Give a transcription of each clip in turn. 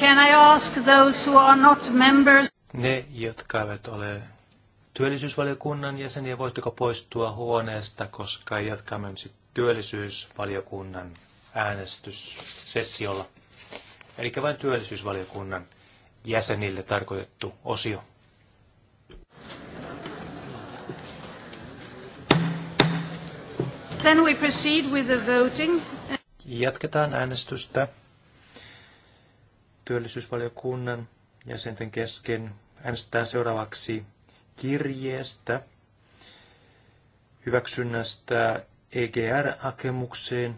Can I ask those who are not members? Ne, jotka eivät ole työllisyysvaliokunnan jäseniä, voitteko poistua huoneesta, koska jatkamme nyt työllisyysvaliokunnan äänestyssessiolla. Eli vain työllisyysvaliokunnan jäsenille tarkoitettu osio. Then we proceed with the voting. Jatketaan äänestystä työllisyysvaliokunnan jäsenten kesken äänestetään seuraavaksi kirjeestä hyväksynnästä EGR-hakemukseen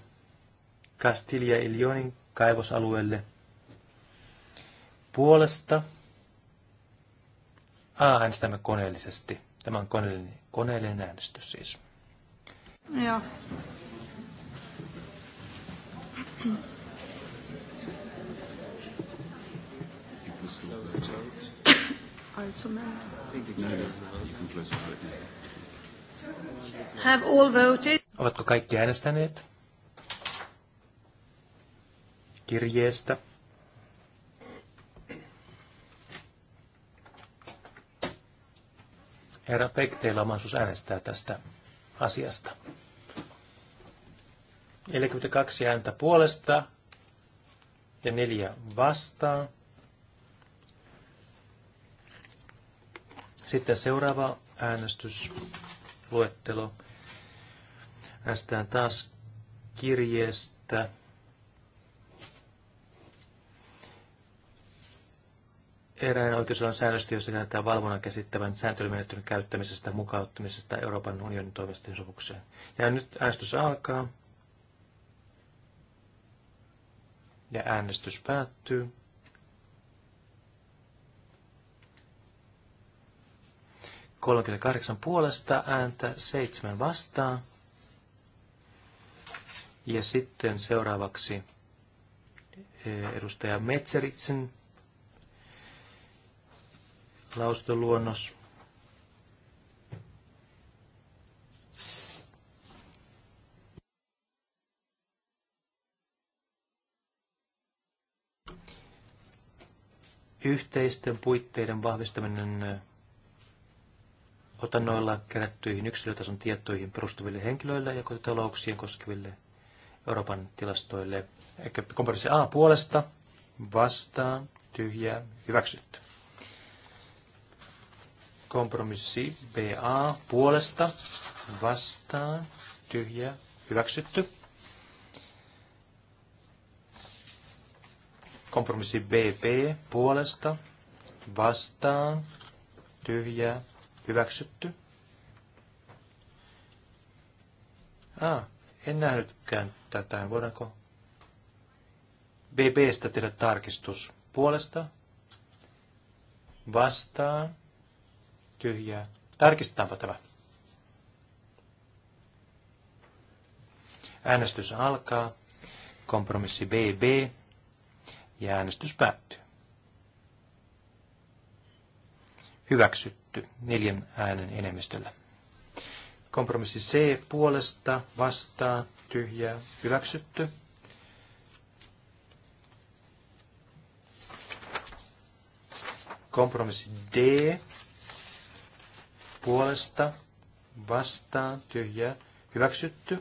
Castilla Ilionin kaivosalueelle puolesta. A, äänestämme koneellisesti. Tämä on koneellinen, koneellinen äänestys siis. Joo. Have all voted? Ovatko kaikki äänestäneet? Kirjeestä. Herra Pek, teillä on mahdollisuus äänestää tästä asiasta. 42 ääntä puolesta ja neljä vastaan. Sitten seuraava äänestysluettelo. Äänestetään taas kirjeestä. Eräinen oikeusalan säännöstä, jossa näyttää valvonnan käsittävän sääntelymenettelyn käyttämisestä ja mukauttamisesta Euroopan unionin toiveisten sopukseen. Ja nyt äänestys alkaa. Ja äänestys päättyy. 38 puolesta ääntä, 7 vastaan. Ja sitten seuraavaksi eh, edustaja Metseritsen lausuntoluonnos. Yhteisten puitteiden vahvistaminen eh, otannoilla kerättyihin yksilötason tietoihin perustuville henkilöille ja kotitalouksien koskeville Euroopan tilastoille. Ehkä kompromissi A puolesta, vastaan, tyhjä, hyväksytty. Kompromissi BA puolesta, vastaan, tyhjä, hyväksytty. Kompromissi BB puolesta, vastaan, tyhjä, Hyväksytty. Ah, en nähnytkään tätä. Voidaanko BBstä tehdä tarkistus puolesta? Vastaan. Tyhjää. Tarkistetaanpa tämä. Äänestys alkaa. Kompromissi BB. Ja äänestys päättyy. Hyväksytty hyväksytty neljän äänen enemmistöllä. Kompromissi C puolesta vastaa tyhjää hyväksytty. Kompromissi D puolesta vastaa tyhjää hyväksytty.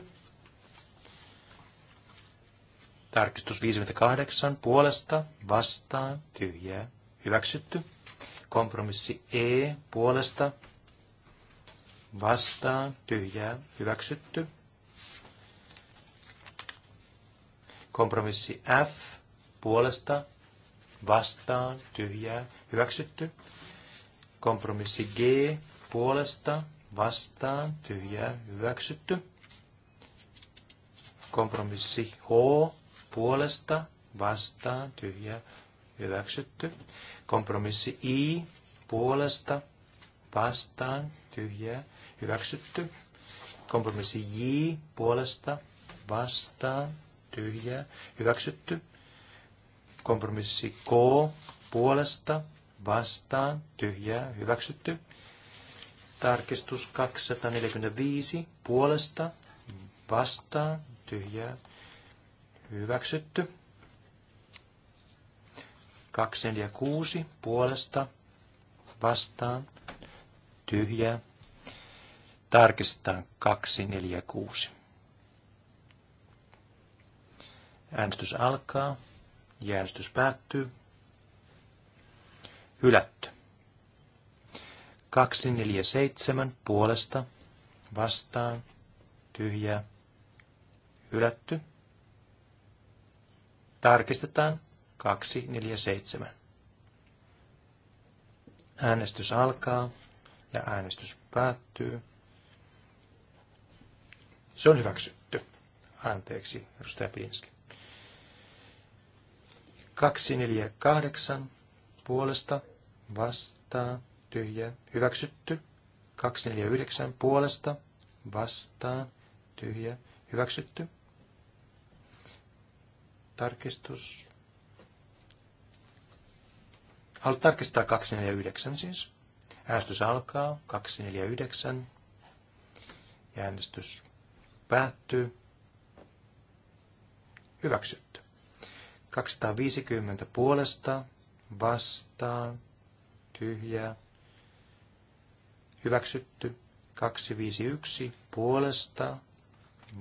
Tarkistus 58 puolesta vastaa tyhjää hyväksytty. Kompromissi E puolesta vastaan tyhjää hyväksytty. Kompromissi F puolesta vastaan tyhjää hyväksytty. Kompromissi G puolesta vastaan tyhjää hyväksytty. Kompromissi H puolesta vastaan tyhjää hyväksytty. Kompromissi I puolesta vastaan tyhjää hyväksytty. Kompromissi J puolesta vastaan tyhjää hyväksytty. Kompromissi K puolesta vastaan tyhjää hyväksytty. Tarkistus 245 puolesta vastaan tyhjää hyväksytty. 246 puolesta vastaan tyhjää. Tarkistetaan 246. Äänestys alkaa ja äänestys päättyy. Hylätty. 247 puolesta vastaan tyhjää. Hylätty. Tarkistetaan 247. Äänestys alkaa ja äänestys päättyy. Se on hyväksytty. Anteeksi, edustaja Pinski. 248 puolesta vastaa tyhjä hyväksytty. 249 puolesta vastaa tyhjä hyväksytty. Tarkistus Haluat tarkistaa 249 siis. Äänestys alkaa 249 ja äänestys päättyy. Hyväksytty. 250 puolesta, vastaan, tyhjää. Hyväksytty. 251 puolesta,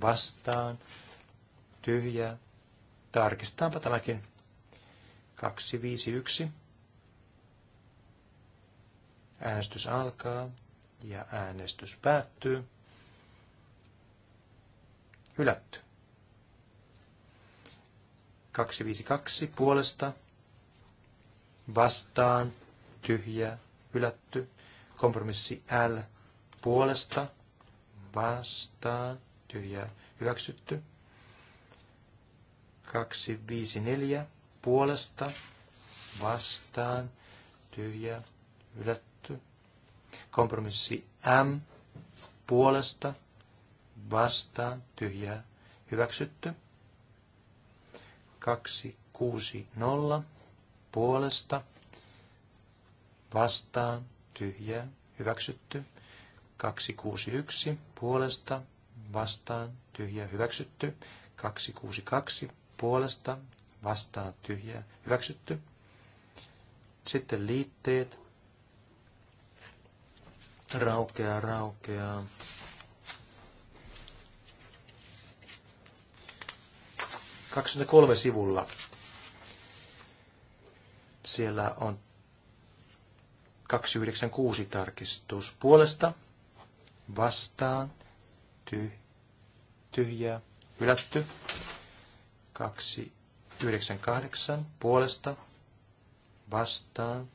vastaan, tyhjää. Tarkistaanpa tämäkin. 251. Äänestys alkaa ja äänestys päättyy. Hylätty. 252 puolesta vastaan tyhjä hylätty. Kompromissi L puolesta vastaan tyhjä hyväksytty. 254 puolesta vastaan tyhjä hylätty. Kompromissi M puolesta vastaan tyhjää hyväksytty. 260 puolesta vastaan tyhjää hyväksytty. 261 puolesta vastaan tyhjää hyväksytty. 262 puolesta vastaan tyhjää hyväksytty. Sitten liitteet raukeaa, raukeaa. kolme sivulla. Siellä on 296 tarkistus puolesta, vastaan, tyh, tyhjää, hylätty. 298 puolesta, vastaan,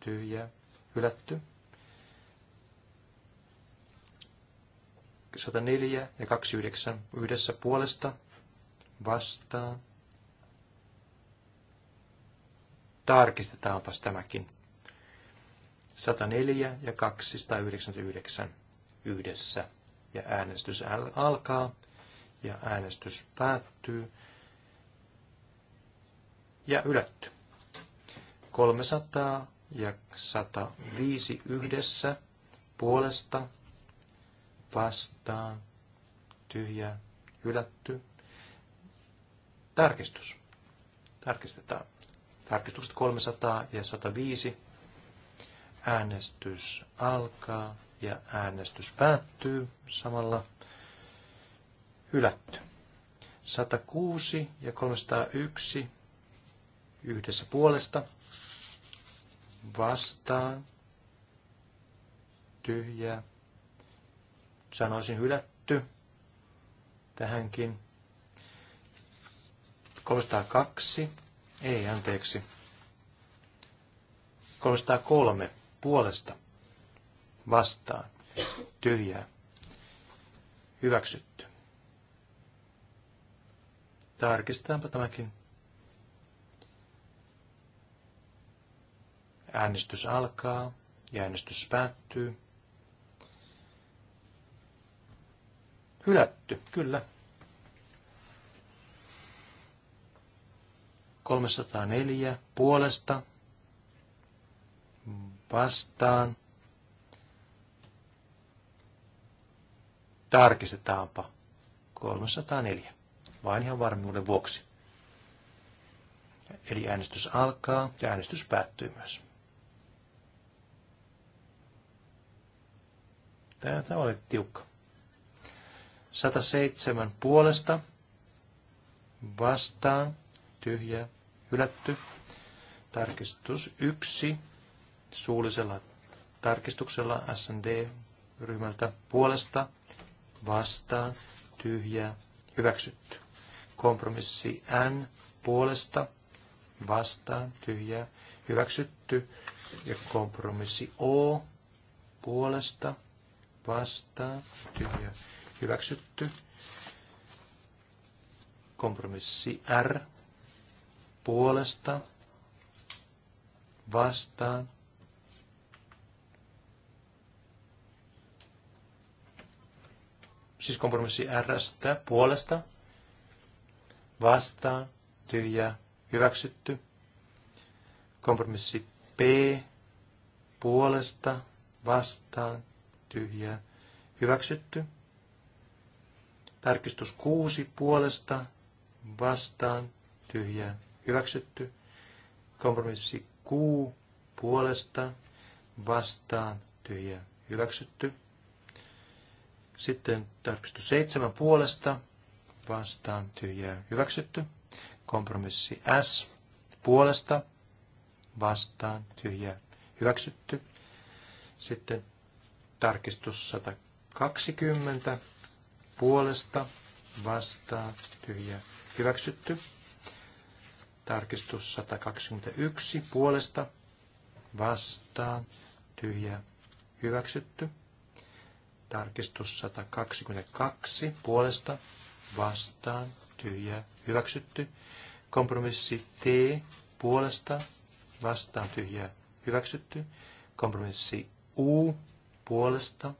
tyhjää, hylätty. 104 ja 29 yhdessä puolesta vastaan. Tarkistetaanpas tämäkin. 104 ja 299 yhdessä. Ja äänestys alkaa ja äänestys päättyy. Ja ylätty. 300 ja 105 yhdessä puolesta vastaan, tyhjä, hylätty. Tarkistus. Tarkistetaan. Tarkistukset 300 ja 105. Äänestys alkaa ja äänestys päättyy samalla. Hylätty. 106 ja 301 yhdessä puolesta vastaan Tyhjä sanoisin hylätty tähänkin. 302, ei anteeksi. 303 puolesta vastaan tyhjää hyväksytty. Tarkistetaanpa tämäkin. Äänestys alkaa ja äänestys päättyy. Hylätty, kyllä. 304 puolesta vastaan. Tarkistetaanpa 304, vain ihan varmuuden vuoksi. Eli äänestys alkaa ja äänestys päättyy myös. Tämä oli tiukka. 107 puolesta vastaan, tyhjä, hylätty. Tarkistus 1 suullisella tarkistuksella SND-ryhmältä puolesta vastaan, tyhjä, hyväksytty. Kompromissi N puolesta vastaan, tyhjä, hyväksytty. Ja kompromissi O puolesta vastaan, tyhjä, hyväksytty. Kompromissi R puolesta vastaan siis kompromissi Rstä puolesta, vastaan, tyhjä, hyväksytty. Kompromissi P puolesta, vastaan, tyhjä, hyväksytty. Tarkistus 6 puolesta vastaan tyhjä hyväksytty. Kompromissi Q puolesta vastaan tyhjä hyväksytty. Sitten tarkistus 7 puolesta vastaan tyhjä hyväksytty. Kompromissi S puolesta vastaan tyhjä hyväksytty. Sitten tarkistus 120 puolesta vastaan tyhjä hyväksytty. Tarkistus 121 puolesta vastaan tyhjä hyväksytty. Tarkistus 122 puolesta vastaan tyhjä hyväksytty. Kompromissi T puolesta vastaan tyhjä hyväksytty. Kompromissi U puolesta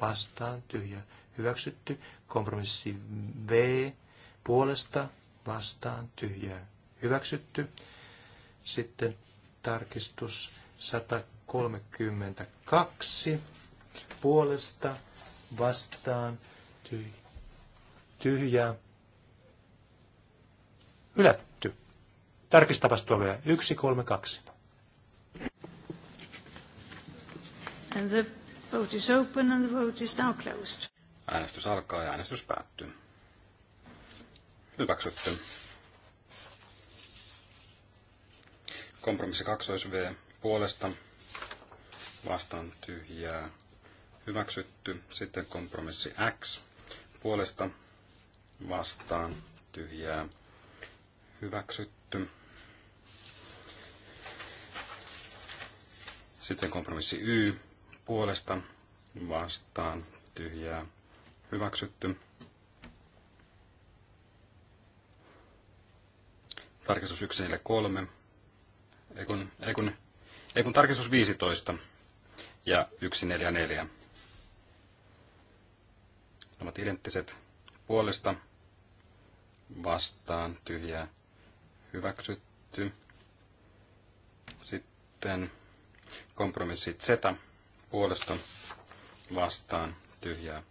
vastaan tyhjä hyväksytty. Kompromissi V puolesta vastaan tyhjää hyväksytty. Sitten tarkistus 132 puolesta vastaan tyhjää hylätty. Tarkistapas tuo vielä. 132. And the vote is open and the vote is now closed. Äänestys alkaa ja äänestys päättyy. Hyväksytty. Kompromissi 2 V puolesta vastaan tyhjää hyväksytty. Sitten kompromissi X puolesta vastaan tyhjää hyväksytty. Sitten kompromissi Y puolesta vastaan tyhjää hyväksytty. Tarkistus 143, ei kun, ei kun, ei kun tarkistus 15 ja 144. Ne ovat identtiset puolesta vastaan tyhjää hyväksytty. Sitten kompromissi Z puolesta vastaan tyhjää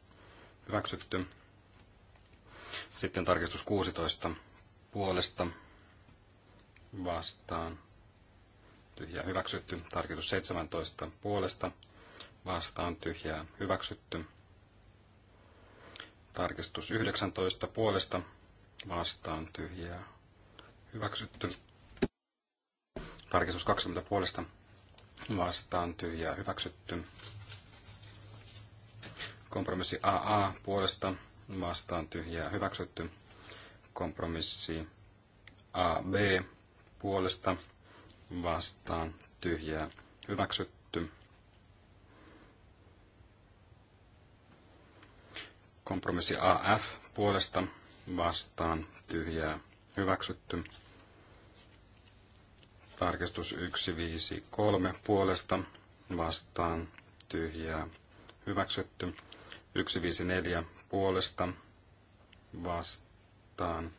hyväksytty. Sitten tarkistus 16 puolesta vastaan tyhjää hyväksytty. Tarkistus 17 puolesta vastaan tyhjää hyväksytty. Tarkistus 19 puolesta vastaan tyhjää hyväksytty. Tarkistus 20 puolesta vastaan tyhjää hyväksytty. Kompromissi AA puolesta vastaan tyhjää hyväksytty. Kompromissi AB puolesta vastaan tyhjää hyväksytty. Kompromissi AF puolesta vastaan tyhjää hyväksytty. Tarkistus 153 puolesta vastaan tyhjää hyväksytty. 154 puolesta vastaan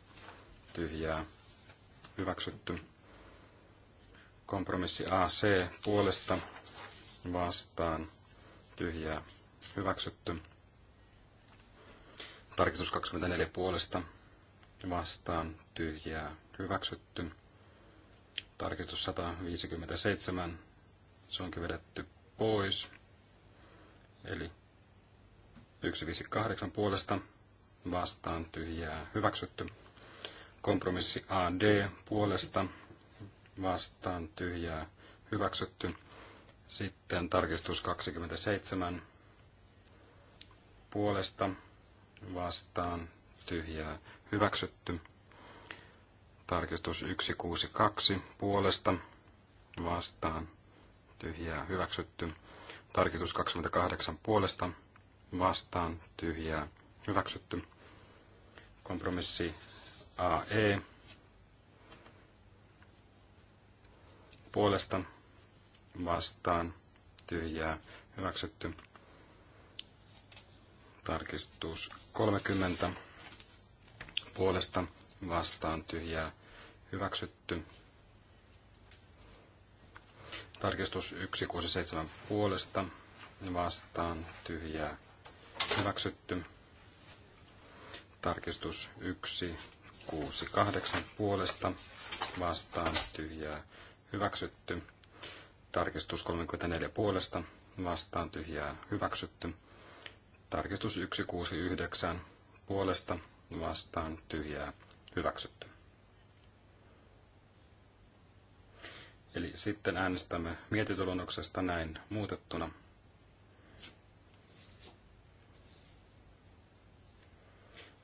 tyhjää hyväksytty. Kompromissi AC puolesta vastaan tyhjää hyväksytty. Tarkistus 24 puolesta vastaan tyhjää hyväksytty. Tarkistus 157, se onkin vedetty pois. Eli 158 puolesta vastaan tyhjää hyväksytty. Kompromissi AD puolesta vastaan tyhjää hyväksytty. Sitten tarkistus 27 puolesta vastaan tyhjää hyväksytty. Tarkistus 162 puolesta vastaan tyhjää hyväksytty. Tarkistus 28 puolesta vastaan tyhjää hyväksytty. Kompromissi AE puolesta vastaan tyhjää hyväksytty. Tarkistus 30 puolesta vastaan tyhjää hyväksytty. Tarkistus 167 puolesta vastaan tyhjää hyväksytty. Tarkistus 1, 6, 8 puolesta vastaan tyhjää hyväksytty. Tarkistus 34 puolesta vastaan tyhjää hyväksytty. Tarkistus 169 puolesta vastaan tyhjää hyväksytty. Eli sitten äänestämme mietityluonnoksesta näin muutettuna.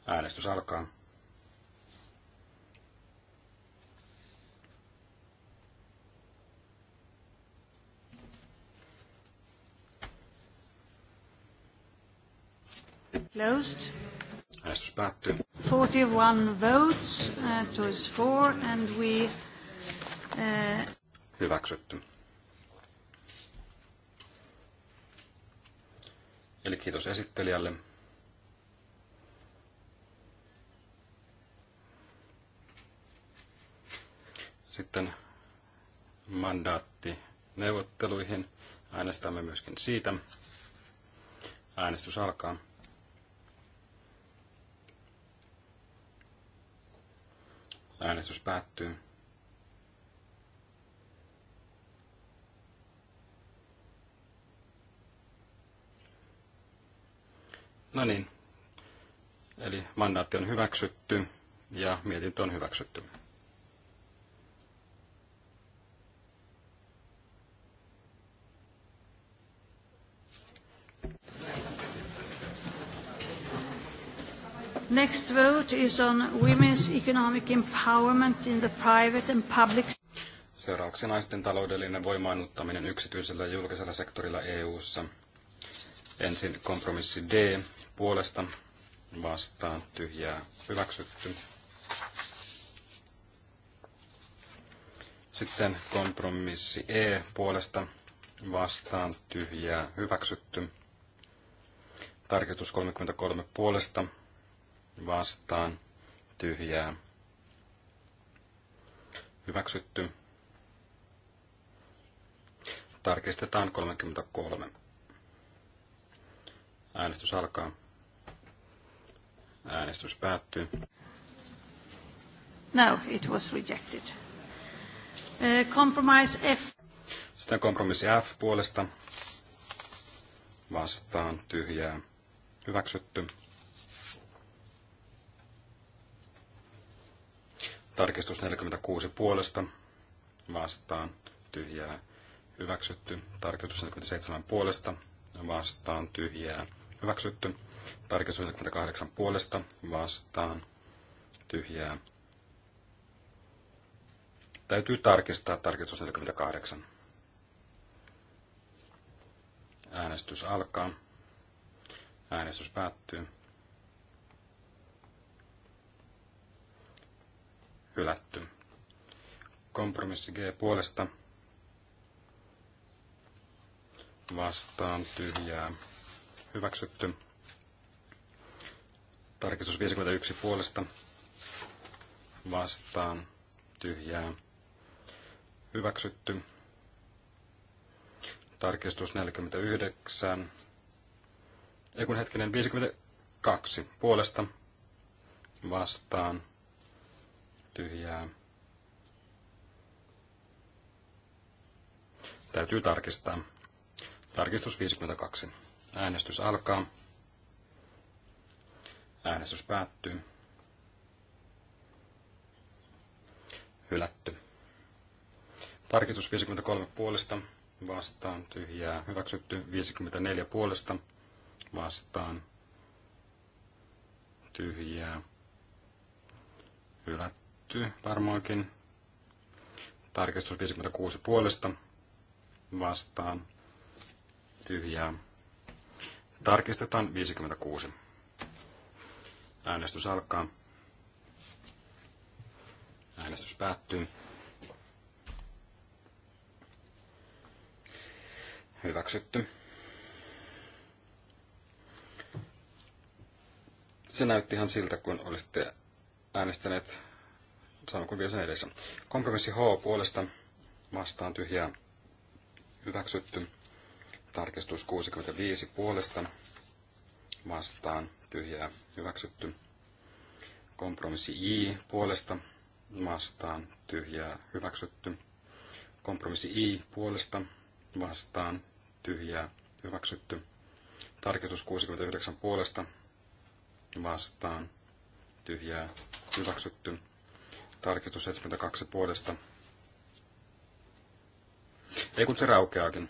Äänestys alkaa. Closed. Äänestys päättyy. 41 votes, uh, it was four, and we... Uh... Hyväksytty. Eli kiitos esittelijälle. Sitten mandaatti neuvotteluihin. Äänestämme myöskin siitä. Äänestys alkaa. Äänestys päättyy. No niin, eli mandaatti on hyväksytty ja mietintö on hyväksytty. Next vote is on women's economic empowerment in the private and public Seuraavaksi naisten taloudellinen voimaannuttaminen yksityisellä ja julkisella sektorilla EU:ssa. Ensin kompromissi D puolesta vastaan tyhjää hyväksytty. Sitten kompromissi E puolesta vastaan tyhjää hyväksytty. Tarkistus 33 puolesta vastaan, tyhjää, hyväksytty. Tarkistetaan 33. Äänestys alkaa. Äänestys päättyy. No, it was rejected. Uh, compromise F. Sitten kompromissi F puolesta vastaan tyhjää hyväksytty. Tarkistus 46 puolesta vastaan tyhjää hyväksytty. Tarkistus 47 puolesta vastaan tyhjää hyväksytty. Tarkistus 48 puolesta vastaan tyhjää. Täytyy tarkistaa tarkistus 48. Äänestys alkaa. Äänestys päättyy. hylätty. Kompromissi G puolesta vastaan tyhjää hyväksytty. Tarkistus 51 puolesta vastaan tyhjää hyväksytty. Tarkistus 49. Ei kun hetkinen 52 puolesta vastaan tyhjää. Täytyy tarkistaa. Tarkistus 52. Äänestys alkaa. Äänestys päättyy. Hylätty. Tarkistus 53 puolesta vastaan tyhjää. Hyväksytty 54 puolesta vastaan tyhjää. Hylätty löytyy varmaankin. Tarkistus 56 puolesta vastaan tyhjää. Tarkistetaan 56. Äänestys alkaa. Äänestys päättyy. Hyväksytty. Se näytti ihan siltä, kun olisitte äänestäneet sama kuin sen edessä. Kompromissi H puolesta vastaan tyhjää hyväksytty. Tarkistus 65 puolesta vastaan tyhjää hyväksytty. Kompromissi I puolesta vastaan tyhjää hyväksytty. Kompromissi I puolesta vastaan tyhjää hyväksytty. Tarkistus 69 puolesta vastaan tyhjää hyväksytty. Tarkistus 72 puolesta. Ei kun se raukeakin.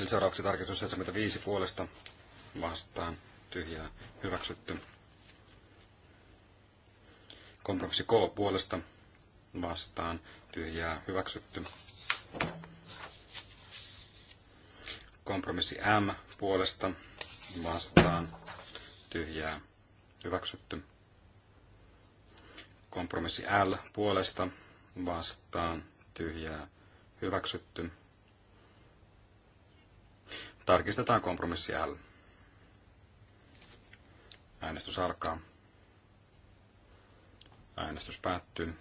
Eli seuraavaksi tarkistus 75 puolesta vastaan tyhjää hyväksytty. Kompromissi K puolesta vastaan tyhjää hyväksytty. Kompromissi M puolesta vastaan tyhjää hyväksytty. Kompromissi L puolesta vastaan tyhjää hyväksytty. Tarkistetaan kompromissi L. Äänestys alkaa. Äänestys päättyy.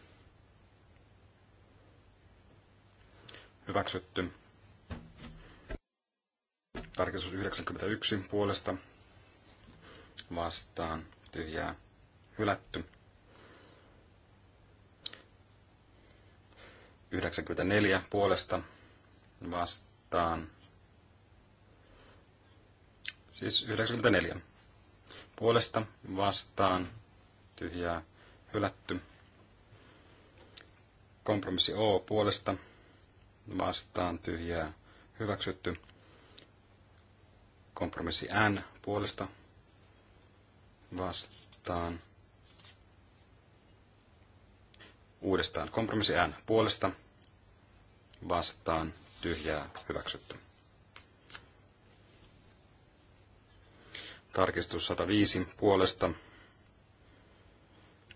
Hyväksytty. Tarkistus 91 puolesta vastaan tyhjää hylätty. 94 puolesta vastaan. Siis 94 puolesta vastaan tyhjää hylätty. Kompromissi O puolesta vastaan tyhjää hyväksytty. Kompromissi N puolesta vastaan. Uudestaan kompromissi ään puolesta vastaan tyhjää hyväksytty. Tarkistus 105 puolesta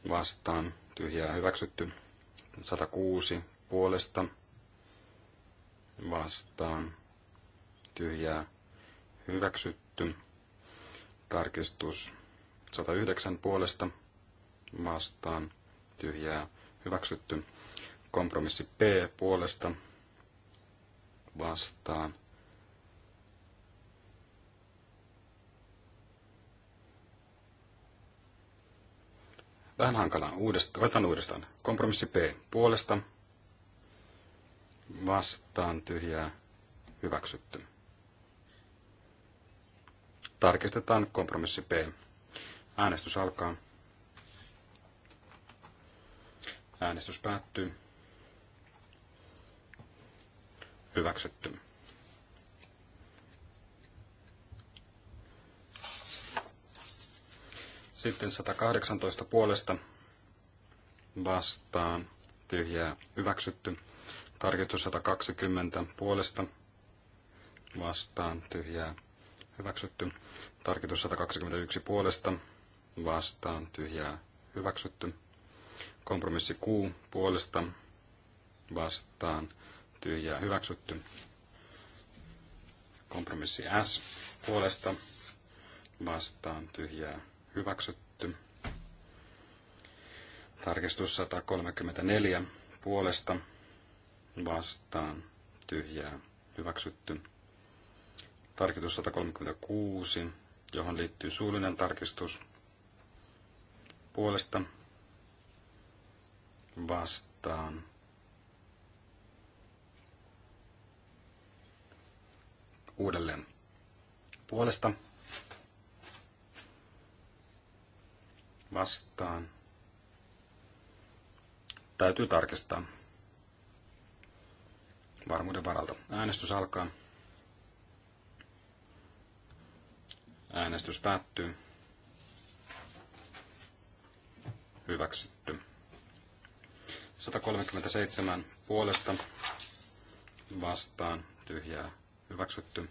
vastaan tyhjää hyväksytty. 106 puolesta vastaan tyhjää hyväksytty. Tarkistus 109 puolesta vastaan tyhjää hyväksytty. Kompromissi P puolesta vastaan Vähän hankalaa. Uudestaan, otetaan uudestaan. Kompromissi P. Puolesta vastaan tyhjää hyväksytty. Tarkistetaan kompromissi P. Äänestys alkaa. Äänestys päättyy. Hyväksytty. Sitten 118 puolesta vastaan tyhjää hyväksytty. Tarkistus 120 puolesta vastaan tyhjää hyväksytty. Tarkistus 121 puolesta vastaan tyhjää hyväksytty. Kompromissi Q puolesta vastaan tyhjää hyväksytty. Kompromissi S puolesta vastaan tyhjää hyväksytty. Tarkistus 134 puolesta vastaan tyhjää hyväksytty. Tarkistus 136, johon liittyy suullinen tarkistus puolesta vastaan. Uudelleen puolesta vastaan. Täytyy tarkistaa varmuuden varalta. Äänestys alkaa. Äänestys päättyy. hyväksytty. 137 puolesta vastaan tyhjää hyväksytty.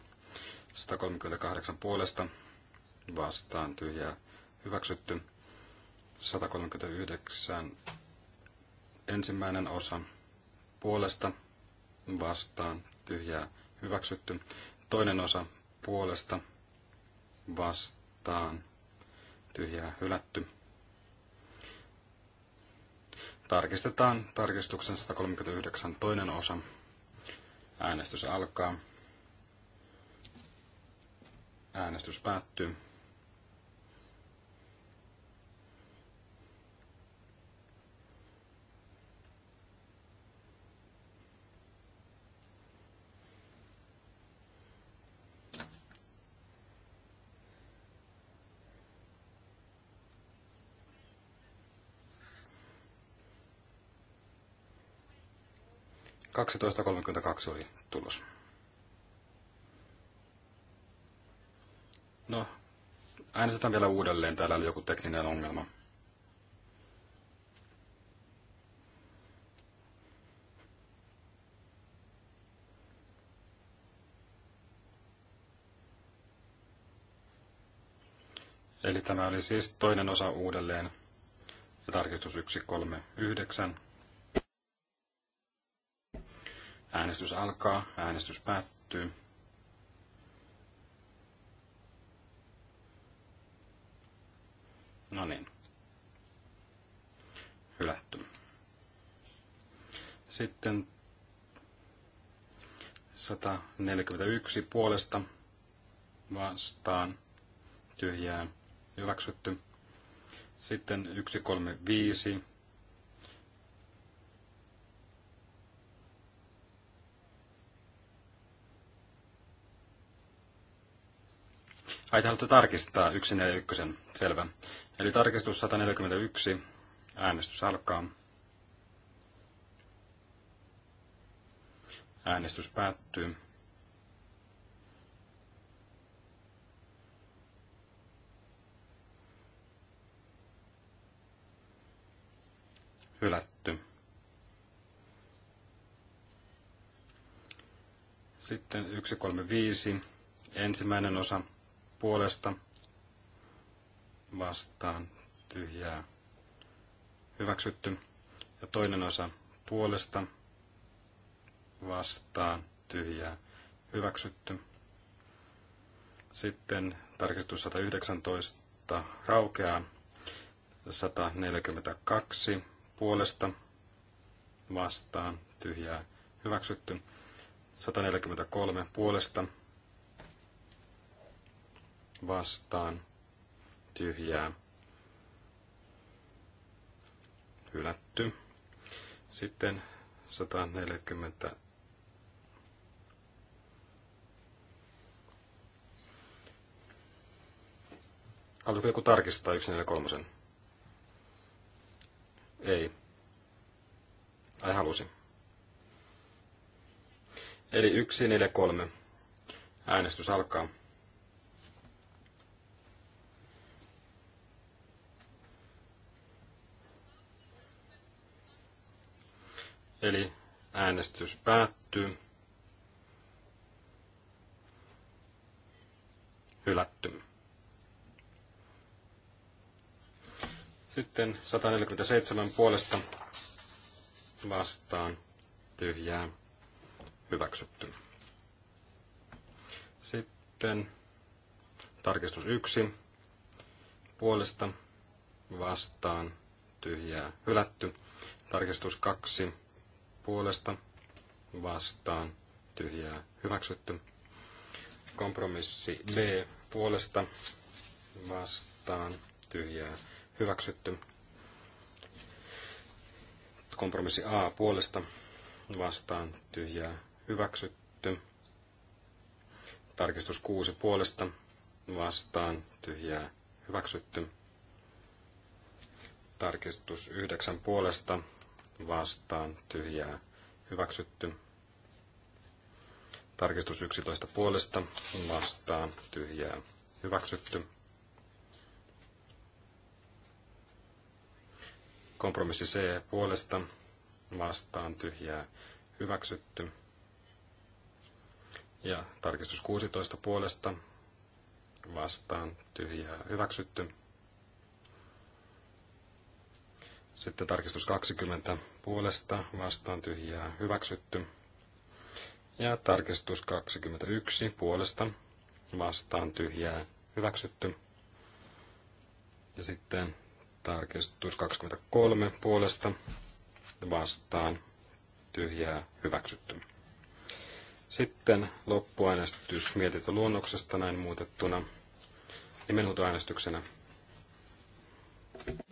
138 puolesta vastaan tyhjää hyväksytty. 139 ensimmäinen osa puolesta vastaan tyhjää hyväksytty. Toinen osa puolesta vastaan tyhjää hylätty. Tarkistetaan tarkistuksen 139 toinen osa. Äänestys alkaa. Äänestys päättyy. 12.32 oli tulos. No, äänestetään vielä uudelleen. Täällä oli joku tekninen ongelma. Eli tämä oli siis toinen osa uudelleen ja tarkistus 139. Äänestys alkaa, äänestys päättyy. No niin. Hylätty. Sitten 141 puolesta vastaan tyhjää hyväksytty. Sitten 135 Ai, te haluatte tarkistaa yksin ja ykkösen. Selvä. Eli tarkistus 141. Äänestys alkaa. Äänestys päättyy. Hylätty. Sitten 135. Ensimmäinen osa puolesta vastaan tyhjää hyväksytty. Ja toinen osa puolesta vastaan tyhjää hyväksytty. Sitten tarkistus 119 raukeaa 142 puolesta vastaan tyhjää hyväksytty. 143 puolesta vastaan tyhjää hylätty. Sitten 140 Haluatko joku tarkistaa 143? Ei. Ai halusi. Eli 143. Äänestys alkaa. Eli äänestys päättyy. Hylätty. Sitten 147 puolesta vastaan tyhjää hyväksytty. Sitten tarkistus 1 puolesta vastaan tyhjää hylätty. Tarkistus 2 puolesta vastaan tyhjää hyväksytty. Kompromissi B puolesta vastaan tyhjää hyväksytty. Kompromissi A puolesta vastaan tyhjää hyväksytty. Tarkistus 6 puolesta vastaan tyhjää hyväksytty. Tarkistus 9 puolesta vastaan tyhjää hyväksytty. Tarkistus 11 puolesta vastaan tyhjää hyväksytty. Kompromissi C puolesta vastaan tyhjää hyväksytty. Ja tarkistus 16 puolesta vastaan tyhjää hyväksytty. Sitten tarkistus 20 puolesta vastaan tyhjää hyväksytty. Ja tarkistus 21 puolesta vastaan tyhjää hyväksytty. Ja sitten tarkistus 23 puolesta vastaan tyhjää hyväksytty. Sitten loppuäänestys mietintöluonnoksesta näin muutettuna nimenhuutoäänestyksenä.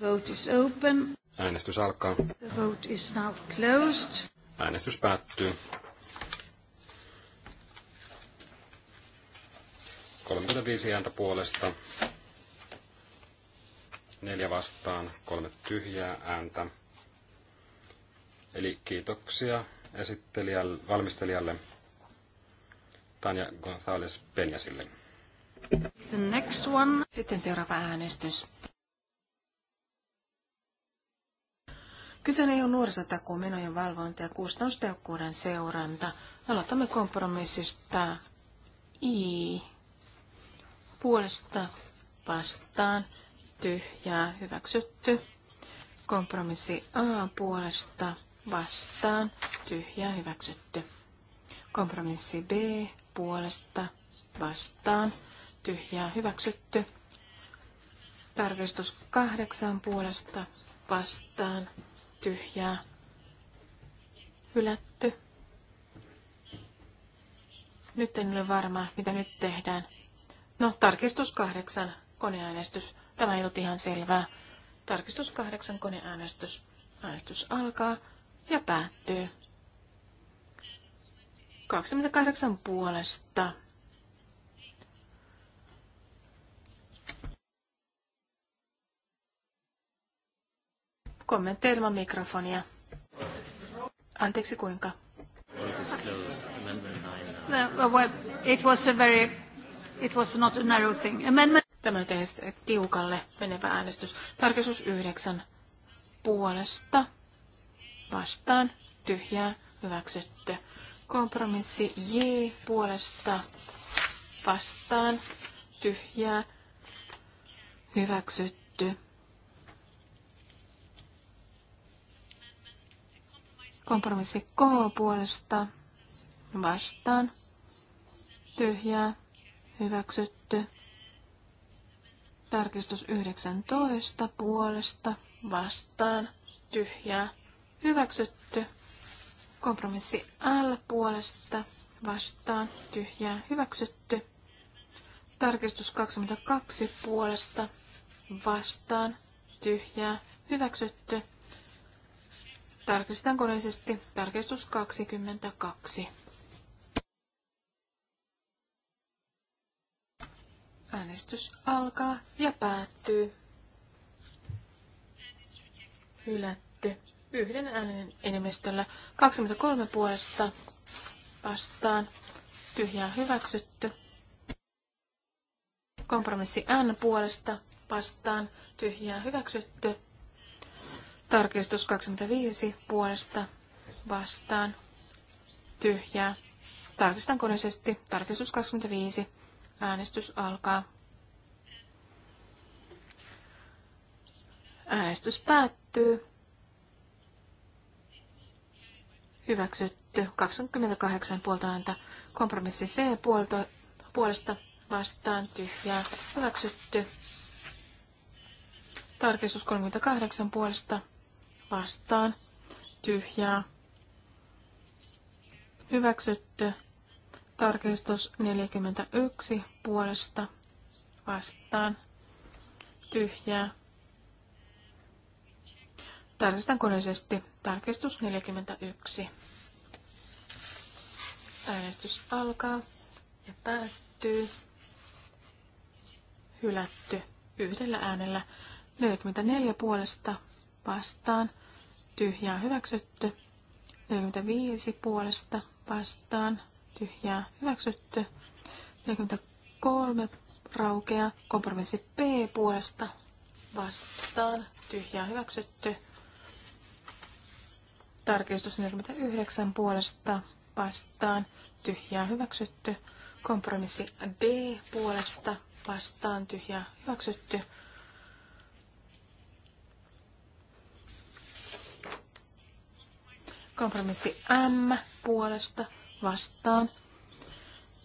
Vote is open. Äänestys alkaa. The vote is now closed. Äänestys päättyy. 35 ääntä puolesta, neljä vastaan, kolme tyhjää ääntä. Eli kiitoksia esittelijälle, valmistelijalle Tanja González Penjasille. Sitten seuraava äänestys. Kyseinen on EUn nuorisotakuun menojen valvonta ja kustannustehokkuuden seuranta. Aloitamme kompromissista I puolesta vastaan tyhjää hyväksytty. Kompromissi A puolesta vastaan tyhjää hyväksytty. Kompromissi B puolesta vastaan tyhjää hyväksytty. Tarkistus kahdeksan puolesta vastaan tyhjää, hylätty. Nyt en ole varma, mitä nyt tehdään. No, tarkistus kahdeksan, koneäänestys. Tämä ei ollut ihan selvää. Tarkistus kahdeksan, koneäänestys. Äänestys alkaa ja päättyy. 28 puolesta, Kommentteja ilman mikrofonia. Anteeksi kuinka? No, it was a very, it was not a narrow thing. Amendment. Tämä nyt tiukalle menevä äänestys. Tarkistus yhdeksän puolesta vastaan tyhjää hyväksytty. Kompromissi J puolesta vastaan tyhjää hyväksytty Kompromissi K puolesta vastaan. Tyhjää. Hyväksytty. Tarkistus 19 puolesta vastaan. Tyhjää. Hyväksytty. Kompromissi L puolesta vastaan. Tyhjää. Hyväksytty. Tarkistus 22 puolesta vastaan. Tyhjää. Hyväksytty. Tarkistetaan koneellisesti tarkistus 22. Äänestys alkaa ja päättyy. Hylätty. Yhden äänen enemmistöllä 23 puolesta vastaan. Tyhjää hyväksytty. Kompromissi N puolesta vastaan. Tyhjää hyväksytty. Tarkistus 25 puolesta vastaan tyhjää. Tarkistan koneisesti. Tarkistus 25. Äänestys alkaa. Äänestys päättyy. Hyväksytty. 28 puolta ääntä. Kompromissi C puolta, puolesta vastaan tyhjää. Hyväksytty. Tarkistus 38 puolesta vastaan, tyhjää, hyväksytty. Tarkistus 41 puolesta vastaan, tyhjää. Tarkistan koneisesti tarkistus 41. Äänestys alkaa ja päättyy. Hylätty yhdellä äänellä 44 puolesta vastaan, tyhjää hyväksytty. 45 puolesta vastaan, tyhjää hyväksytty. 43 raukea, kompromissi P puolesta vastaan, tyhjää hyväksytty. Tarkistus 49 puolesta vastaan, tyhjää hyväksytty. Kompromissi D puolesta vastaan, tyhjää hyväksytty. Kompromissi M puolesta vastaan.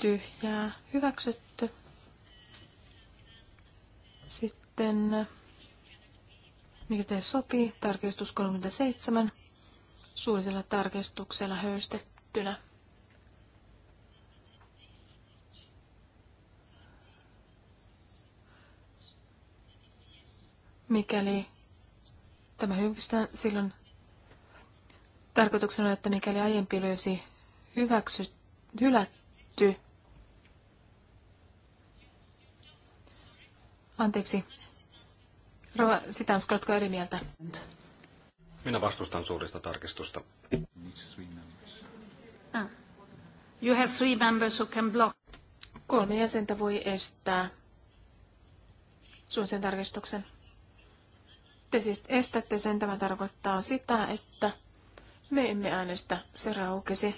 Tyhjää hyväksytty. Sitten, mikä teille sopii, tarkistus 37 suullisella tarkistuksella höystettynä. Mikäli tämä hyvistä, silloin Tarkoituksena on, että mikäli aiempi olisi hyväksy, hylätty, anteeksi, Rova Sitanska, oletko eri mieltä? Minä vastustan suurista tarkistusta. Ah. You have three members who can block. Kolme jäsentä voi estää suosien tarkistuksen. Te siis estätte sen. Tämä tarkoittaa sitä, että me emme äänestä. Se raukesi.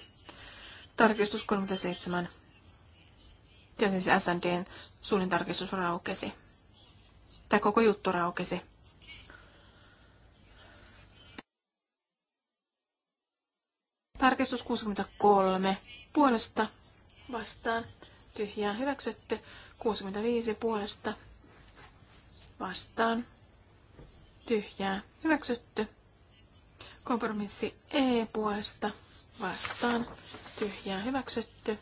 Tarkistus 37. Ja siis SNDn suunnin tarkistus raukesi. Tämä koko juttu raukesi. Tarkistus 63. Puolesta vastaan. Tyhjää hyväksytty. 65 puolesta vastaan. Tyhjää hyväksytty. Kompromissi E puolesta vastaan. Tyhjää hyväksytty.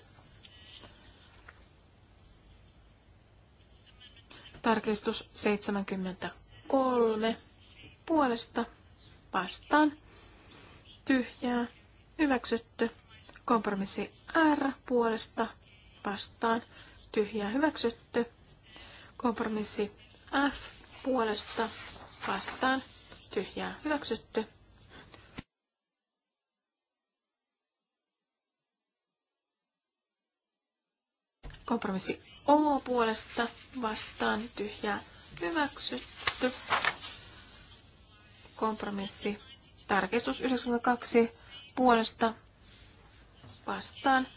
Tarkistus 73 puolesta vastaan. Tyhjää hyväksytty. Kompromissi R puolesta vastaan. Tyhjää hyväksytty. Kompromissi F puolesta vastaan. Tyhjää hyväksytty. Kompromissi O puolesta vastaan tyhjää hyväksytty. Kompromissi tarkistus 92 puolesta vastaan.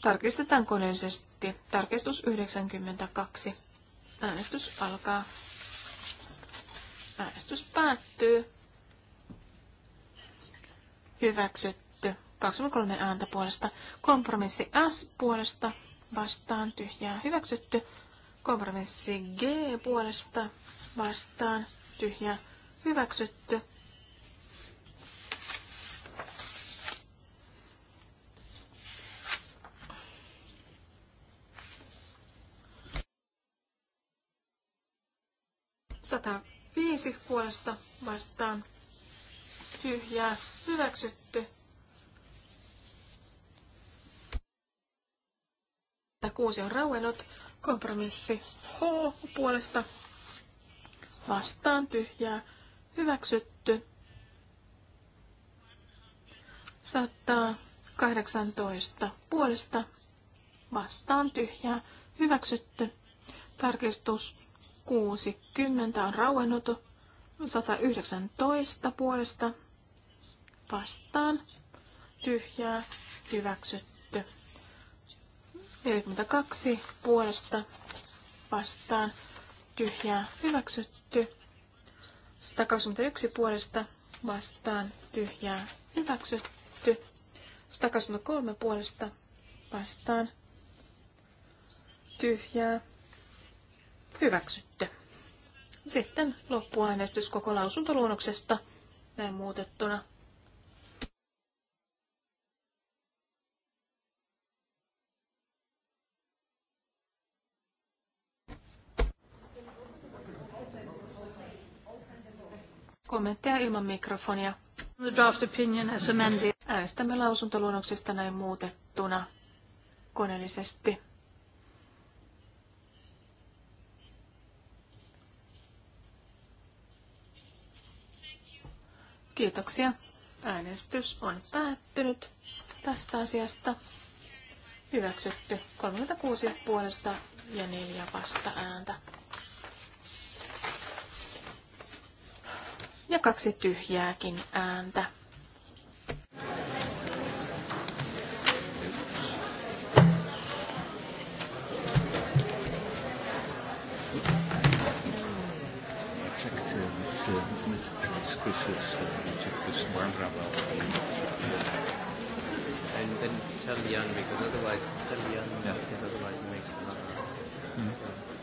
Tarkistetaan koneellisesti. Tarkistus 92. Äänestys alkaa. Äänestys päättyy. Hyväksytty 23 ääntä puolesta. Kompromissi S puolesta vastaan tyhjää hyväksytty. Kompromissi G puolesta vastaan tyhjää hyväksytty. Sata viisi puolesta vastaan tyhjää hyväksytty. että kuusi on rauennut. Kompromissi H puolesta vastaan tyhjää hyväksytty. 118 puolesta vastaan tyhjää hyväksytty. Tarkistus 60 on rauennut. 119 puolesta vastaan tyhjää hyväksytty. 42 puolesta vastaan tyhjää hyväksytty. 121 puolesta vastaan tyhjää hyväksytty. 123 puolesta vastaan tyhjää hyväksytty. Sitten loppuaineistus koko lausuntoluonnoksesta näin muutettuna. Kommentteja ilman mikrofonia. The draft opinion as amended. Äänestämme lausuntoluonnoksesta näin muutettuna koneellisesti. Kiitoksia. Äänestys on päättynyt tästä asiasta. Hyväksytty 36 puolesta ja 4 vasta ääntä. ja kaksi tyhjääkin ääntä. And then tell Jan because otherwise tell Jan yeah. because otherwise makes Mm. Yeah.